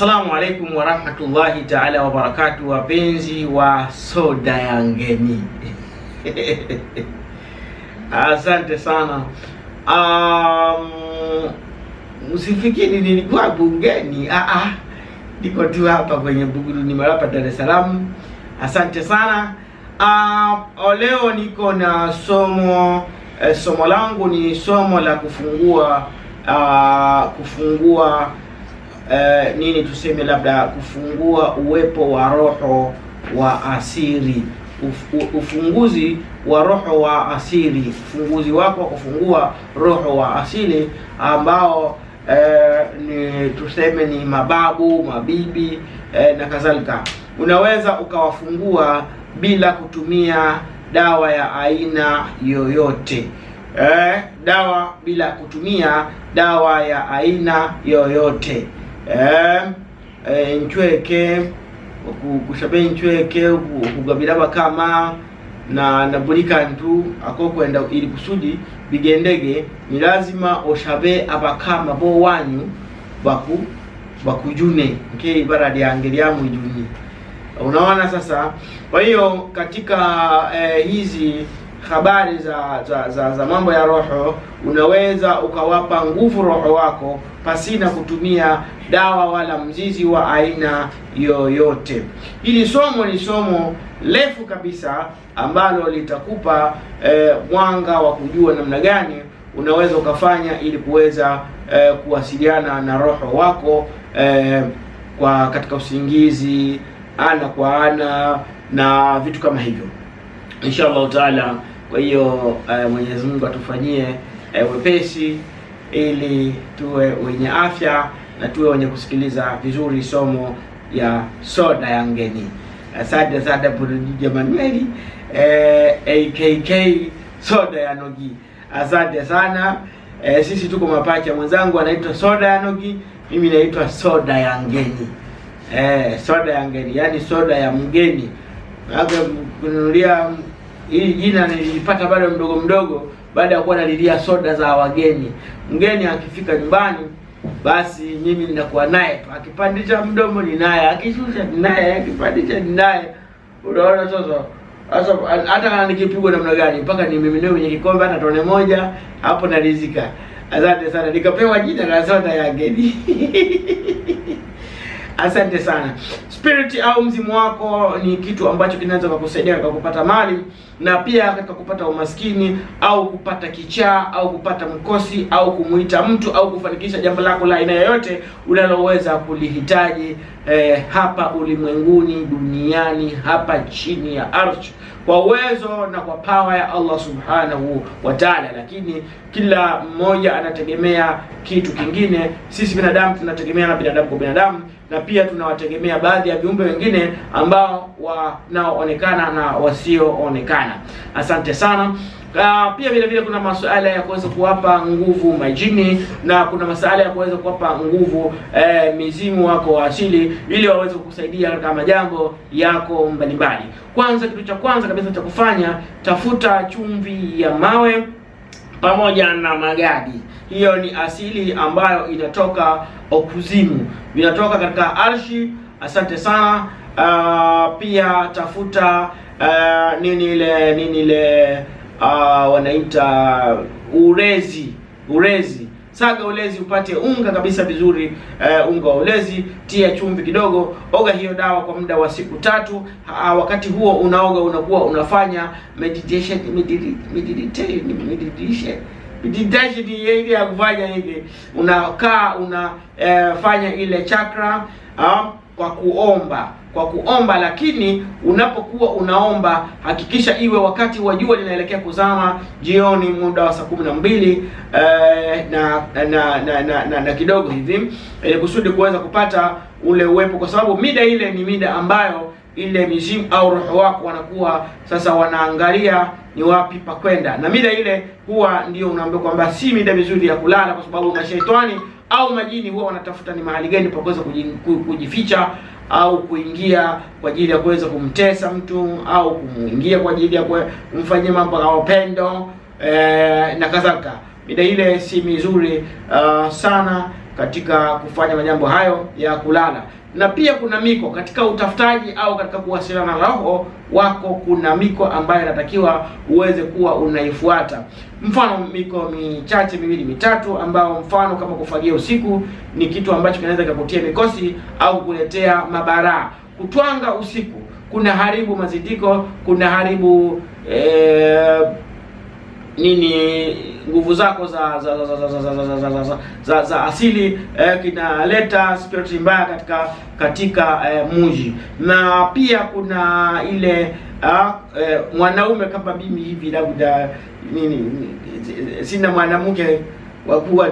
Assalamu alaikum warahmatullahi taala wabarakatu, wapenzi wa soda ya ngeni asante sana. Um, usifikiri nilikuwa bungeni, ah, ah. niko tu hapa kwenye Buguruni Marapa, Dar es Salaam. Asante sana. Uh, leo niko na somo eh, somo langu ni somo la kufungua uh, kufungua Eh, nini tuseme, labda kufungua uwepo wa roho wa asiri Uf, ufunguzi wa roho wa asili, ufunguzi wako kufungua roho wa asili ambao e, ni tuseme ni mababu mabibi e, na kadhalika. Unaweza ukawafungua bila kutumia dawa ya aina yoyote e, dawa bila kutumia dawa ya aina yoyote. Eh, eh, nchweke kushabe nchweke okugabira bakama na na kantu akokwenda ili kusudi bigendege ni lazima oshabe abakama bo wanyu baku bakujune nke ibara lyange lyamwijuni unaona sasa kwa hiyo katika eh, hizi habari za za, za za mambo ya roho, unaweza ukawapa nguvu roho wako pasina kutumia dawa wala mzizi wa aina yoyote. Hili somo ni somo refu kabisa ambalo litakupa eh, mwanga wa kujua namna gani unaweza ukafanya ili kuweza eh, kuwasiliana na roho wako eh, kwa katika usingizi ana kwa ana na vitu kama hivyo. inshallah taala kwa hiyo eh, Mwenyezi Mungu atufanyie eh, wepesi ili tuwe wenye afya na tuwe wenye kusikiliza vizuri somo ya soda ya ngeni. Asante sana Produja Emmanuel uh, eh, AKK soda ya Nogi, asante sana uh, sisi tuko mapacha. Mwenzangu anaitwa soda ya Nogi, mimi naitwa soda ya ngeni eh, soda ya ngeni, yaani soda ya mgeni kununulia Hili jina nilipata bado mdogo mdogo, baada ya kuwa nalilia soda za wageni. Mgeni akifika nyumbani, basi mimi ninakuwa naye, akipandisha mdomo ni naye, akishusha ni naye, akipandisha ni naye. Unaona sasa sasa hata nikipigwa namna gani mpaka nimiminie kwenye kikombe hata tone moja hapo nalizika. Asante sana, nikapewa jina la soda ya geni. Asante sana. Spirit au mzimu wako ni kitu ambacho kinaweza kukusaidia kwa kupata mali na pia katika kupata umaskini au kupata kichaa au kupata mkosi au kumuita mtu au kufanikisha jambo lako la aina yoyote unaloweza kulihitaji eh, hapa ulimwenguni, duniani, hapa chini ya ardhi, kwa uwezo na kwa power ya Allah subhanahu wa ta'ala. Lakini kila mmoja anategemea kitu kingine. Sisi binadamu tunategemea na binadamu kwa binadamu na pia tunawategemea baadhi ya viumbe wengine ambao wanaoonekana na wasioonekana. Asante sana. Uh, pia vile vile kuna masuala ya kuweza kuwapa nguvu majini na kuna masuala ya kuweza kuwapa nguvu eh, mizimu wako wa asili ili waweze kukusaidia katika majambo yako mbalimbali. Kwanza, kitu cha kwanza kabisa cha kufanya, tafuta chumvi ya mawe pamoja na magadi hiyo ni asili ambayo inatoka okuzimu, inatoka katika arshi. Asante sana. Uh, pia tafuta uh, nini ile nini ile uh, wanaita urezi, urezi saga ulezi upate unga kabisa vizuri. Uh, unga wa ulezi, tia chumvi kidogo, oga hiyo dawa kwa muda wa siku tatu. Uh, wakati huo unaoga unakuwa unafanya meditation meditation meditation intensity ile ya kufanya hivi, unakaa unafanya eh, ile chakra ah, kwa kuomba kwa kuomba. Lakini unapokuwa unaomba, hakikisha iwe wakati wa jua linaelekea kuzama jioni, muda wa saa kumi na mbili eh, na, na, na, na, na, na kidogo hivi ili kusudi kuweza kupata ule uwepo, kwa sababu mida ile ni mida ambayo ile mizimu au roho wako wanakuwa sasa wanaangalia ni wapi pa kwenda, na mida ile huwa ndio unaambia kwamba si mida mizuri ya kulala, kwa sababu mashaitani au majini huwa wanatafuta ni mahali gani pa kuweza kujificha au kuingia kwa ajili ya kuweza kumtesa mtu au kumuingia kwa ajili ya kumfanyia mambo ya upendo e, na kadhalika. Mida ile si mizuri uh, sana katika kufanya majambo hayo ya kulala na pia kuna miko katika utafutaji au katika kuwasiliana na roho wako. Kuna miko ambayo inatakiwa uweze kuwa unaifuata, mfano miko michache miwili mitatu, ambao mfano kama kufagia usiku ni kitu ambacho kinaweza kikakutia mikosi au kuletea mabaraa. Kutwanga usiku kuna haribu mazindiko, kuna haribu ee, nini nguvu zako za za za za za, za, za, za, za, za asili eh, kinaleta spiriti mbaya katika katika eh, mji na pia kuna ile ah, eh, mwanaume kama mimi hivi labda nini, sina mwanamke wakuwa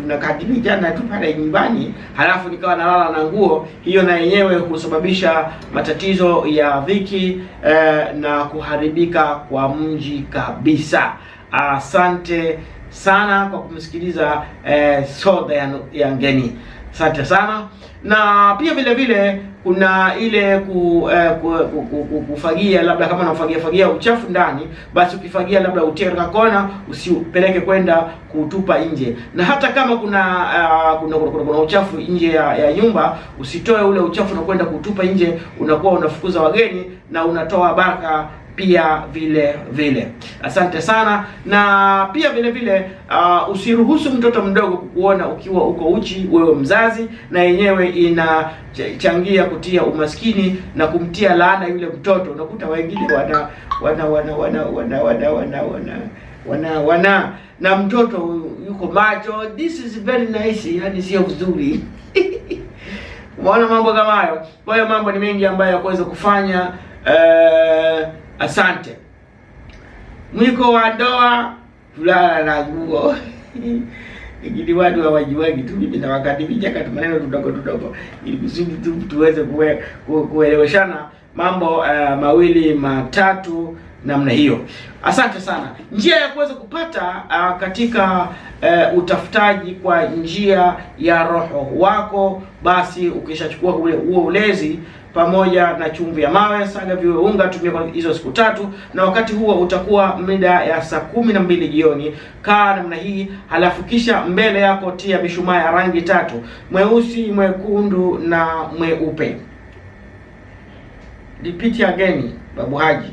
tunakadirisha na tupale nyumbani, halafu nikawa nalala na nguo hiyo, na yenyewe husababisha matatizo ya dhiki eh, na kuharibika kwa mji kabisa. Asante sana kwa kumsikiliza eh, Soda ya Ngeni. Asante sana. Na pia vile vile kuna ile ku, eh, ku, ku, ku, ku, kufagia labda kama unafagia fagia uchafu ndani, basi ukifagia labda utie katika kona, usipeleke kwenda kutupa nje. Na hata kama kuna uh, kuna, kuna, kuna, kuna uchafu nje ya, ya nyumba, usitoe ule uchafu na kwenda kutupa nje, unakuwa unafukuza wageni na unatoa baraka pia vile vile. Asante sana, na pia vile vile uh, usiruhusu mtoto mdogo kukuona ukiwa uko uchi, wewe mzazi, na yenyewe inachangia kutia umaskini na kumtia laana yule mtoto. Unakuta wengine wana wana wana wana wana wana wana wana wana wana na mtoto yuko macho, this is very nice, yani sio vizuri Umeona mambo kama hayo. Kwa hiyo mambo ni mengi ambayo ya kuweza kufanya uh, Asante. Mwiko wa ndoa kulala na nguo Lakini watu hawajuagi tu, mimi nawakaribisha kati maneno tudogo tudogo, ili kusudi tu tuweze kueleweshana mambo uh, mawili matatu namna hiyo. Asante sana. Njia ya kuweza kupata uh, katika uh, utafutaji kwa njia ya roho wako, basi ukishachukua ule huo ulezi pamoja na chumvi ya mawe, saga viwe unga, tumia kwa hizo siku tatu, na wakati huo utakuwa mida ya saa kumi na mbili jioni. Kaa namna hii, halafu kisha mbele yako tia mishumaa ya rangi tatu, mweusi, mwekundu na mweupe. Repeat again, Babu Haji.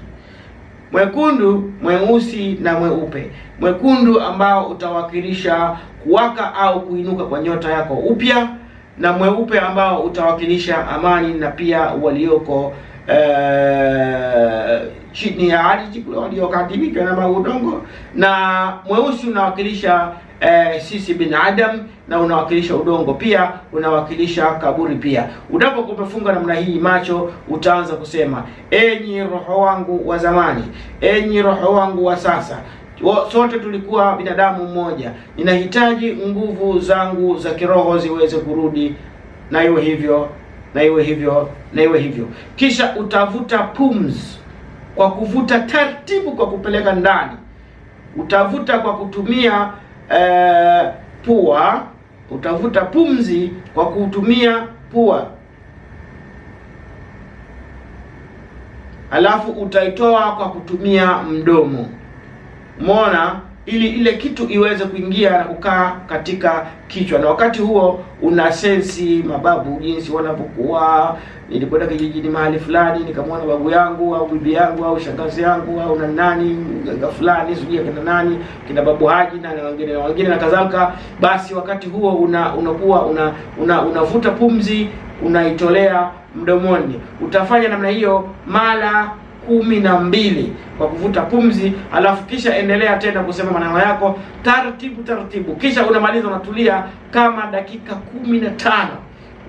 Mwekundu, mweusi na mweupe. Mwekundu ambao utawakilisha kuwaka au kuinuka kwa nyota yako upya na mweupe ambao utawakilisha amani na pia walioko Uh, chini ya ardhi kule waliokadhibika na maudongo, na mweusi unawakilisha uh, sisi binadamu, na unawakilisha udongo, pia unawakilisha kaburi. Pia Unapokupefunga namna hii macho, utaanza kusema enyi roho wangu wa zamani, enyi roho wangu wa sasa sote tulikuwa binadamu mmoja. Ninahitaji nguvu zangu za kiroho ziweze kurudi, na iwe hivyo na iwe hivyo na iwe hivyo. Kisha utavuta pumzi kwa kuvuta taratibu, kwa kupeleka ndani. Utavuta kwa kutumia eh, pua. Utavuta pumzi kwa kutumia pua, alafu utaitoa kwa kutumia mdomo. Umeona, ili ile kitu iweze kuingia na kukaa katika kichwa, na wakati huo una sensi mababu jinsi wanapokuwa. Nilikwenda kijijini mahali fulani nikamwona babu yangu au bibi yangu au shangazi yangu au na nani mganga fulani sijui kina nani kina babu Haji na wengine na wengine na kadhalika. Basi wakati huo una unakuwa una unavuta una pumzi unaitolea mdomoni, utafanya namna hiyo mara kumi na mbili kwa kuvuta pumzi, alafu kisha endelea tena kusema maneno yako taratibu taratibu, kisha unamaliza unatulia kama dakika kumi na tano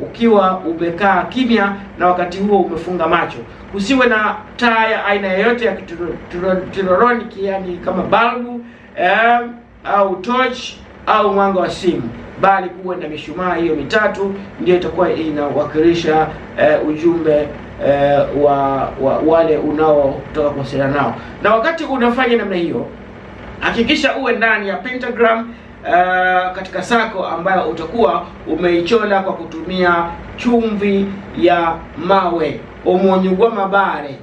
ukiwa umekaa kimya na wakati huo umefunga macho. usiwe na taa ya aina yoyote ya kielektroniki, yani kama balbu eh, au torch au mwanga wa simu, bali kuwe na mishumaa hiyo mitatu, ndio itakuwa inawakilisha eh, ujumbe eh, wa, wa wale unaotaka kuwasiliana nao. Na wakati unafanya namna hiyo, hakikisha uwe ndani ya pentagram Uh, katika sako ambayo utakuwa umeichola kwa kutumia chumvi ya mawe umunyu gwa mabare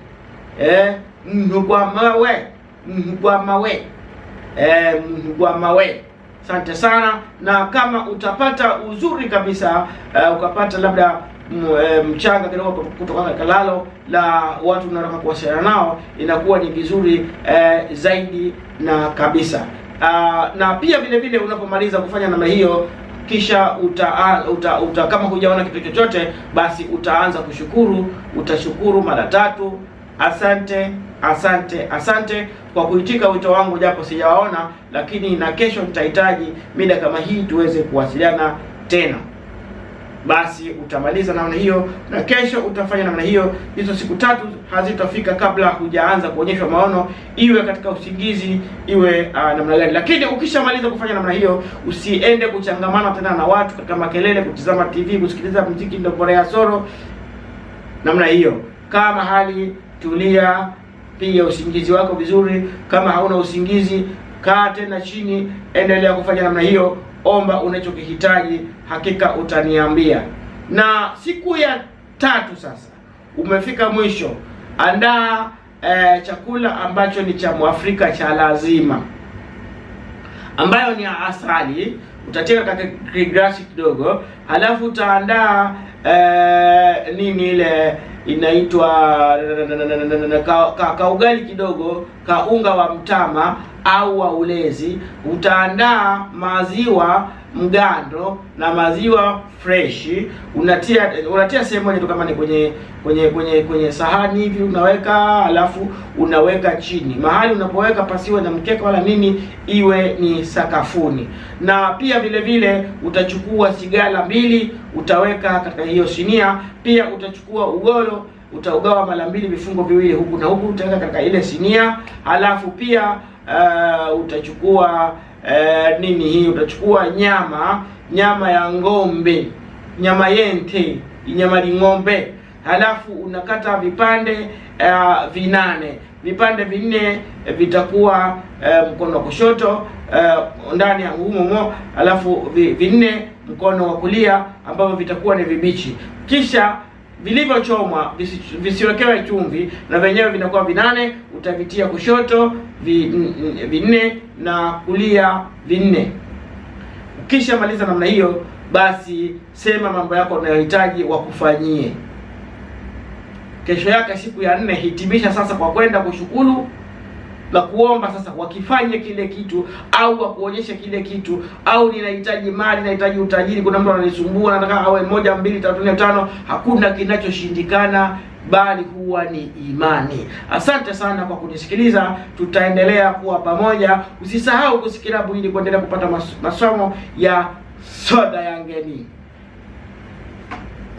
eh, mnyu gwa mawe mnyu gwa mawe eh, mnyu gwa mawe. Asante sana, na kama utapata uzuri kabisa uh, ukapata labda Eh, mchanga kidogo kutoka kalalo la watu mnaotaka kuwasiliana nao, inakuwa ni vizuri eh, zaidi na kabisa. Uh, na pia vile vile unapomaliza kufanya namna hiyo kisha uta, uta, uta kama hujaona kitu chochote basi utaanza kushukuru. Utashukuru mara tatu, asante asante asante kwa kuitika wito wangu, japo sijawaona, lakini na kesho nitahitaji mida kama hii tuweze kuwasiliana tena basi utamaliza namna hiyo, na kesho utafanya namna hiyo. Hizo siku tatu hazitafika kabla hujaanza kuonyeshwa maono, iwe katika usingizi, iwe uh, namna gani. Lakini ukishamaliza kufanya namna hiyo, usiende kuchangamana tena na watu katika makelele, kutizama TV, kusikiliza muziki, ndio bora ya soro namna hiyo. Kama hali tulia, piga usingizi wako vizuri. Kama hauna usingizi, kaa tena chini, endelea kufanya namna hiyo omba unachokihitaji, hakika utaniambia. Na siku ya tatu sasa umefika mwisho, andaa e, chakula ambacho ni cha Mwafrika cha lazima, ambayo ni asali. Utatia katika kiglasi kidogo, halafu utaandaa e, nini ile inaitwa ka, ka, kaugali kidogo, kaunga wa mtama au wa ulezi, utaandaa maziwa mgando na maziwa freshi. Unatia unatia sehemu moja tu, kama ni kwenye kwenye kwenye kwenye sahani hivi unaweka, alafu unaweka chini mahali unapoweka, pasiwe na mkeka wala nini, iwe ni sakafuni. Na pia vile vile utachukua sigala mbili utaweka katika hiyo sinia. Pia utachukua ugoro utaugawa mara mbili, vifungo viwili huku na huku, utaweka katika ile sinia, halafu pia uh, utachukua uh, nini hii, utachukua nyama nyama ya ng'ombe, nyama yente, nyama ling'ombe, halafu unakata vipande uh, vinane vipande vinne vitakuwa uh, mkono wa kushoto uh, ndani ya humomo, alafu vinne mkono wa kulia ambavyo vitakuwa ni vibichi, kisha vilivyochomwa visiwekewe chumvi na vyenyewe vinakuwa vinane, utavitia kushoto vinne na kulia vinne. Ukisha maliza namna hiyo, basi sema mambo yako unayohitaji wakufanyie. Kesho yake siku ya nne, hitimisha sasa kwa kwenda kushukuru na kuomba sasa wakifanye kile kitu au wakuonyeshe kile kitu, au ninahitaji mali, nahitaji utajiri, kuna mtu ananisumbua, nataka awe moja, mbili, tatu, nne, tano. Hakuna kinachoshindikana bali huwa ni imani. Asante sana kwa kunisikiliza, tutaendelea kuwa pamoja. Usisahau kusikilabu ili kuendelea kupata masomo ya soda yangeni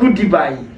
Goodbye.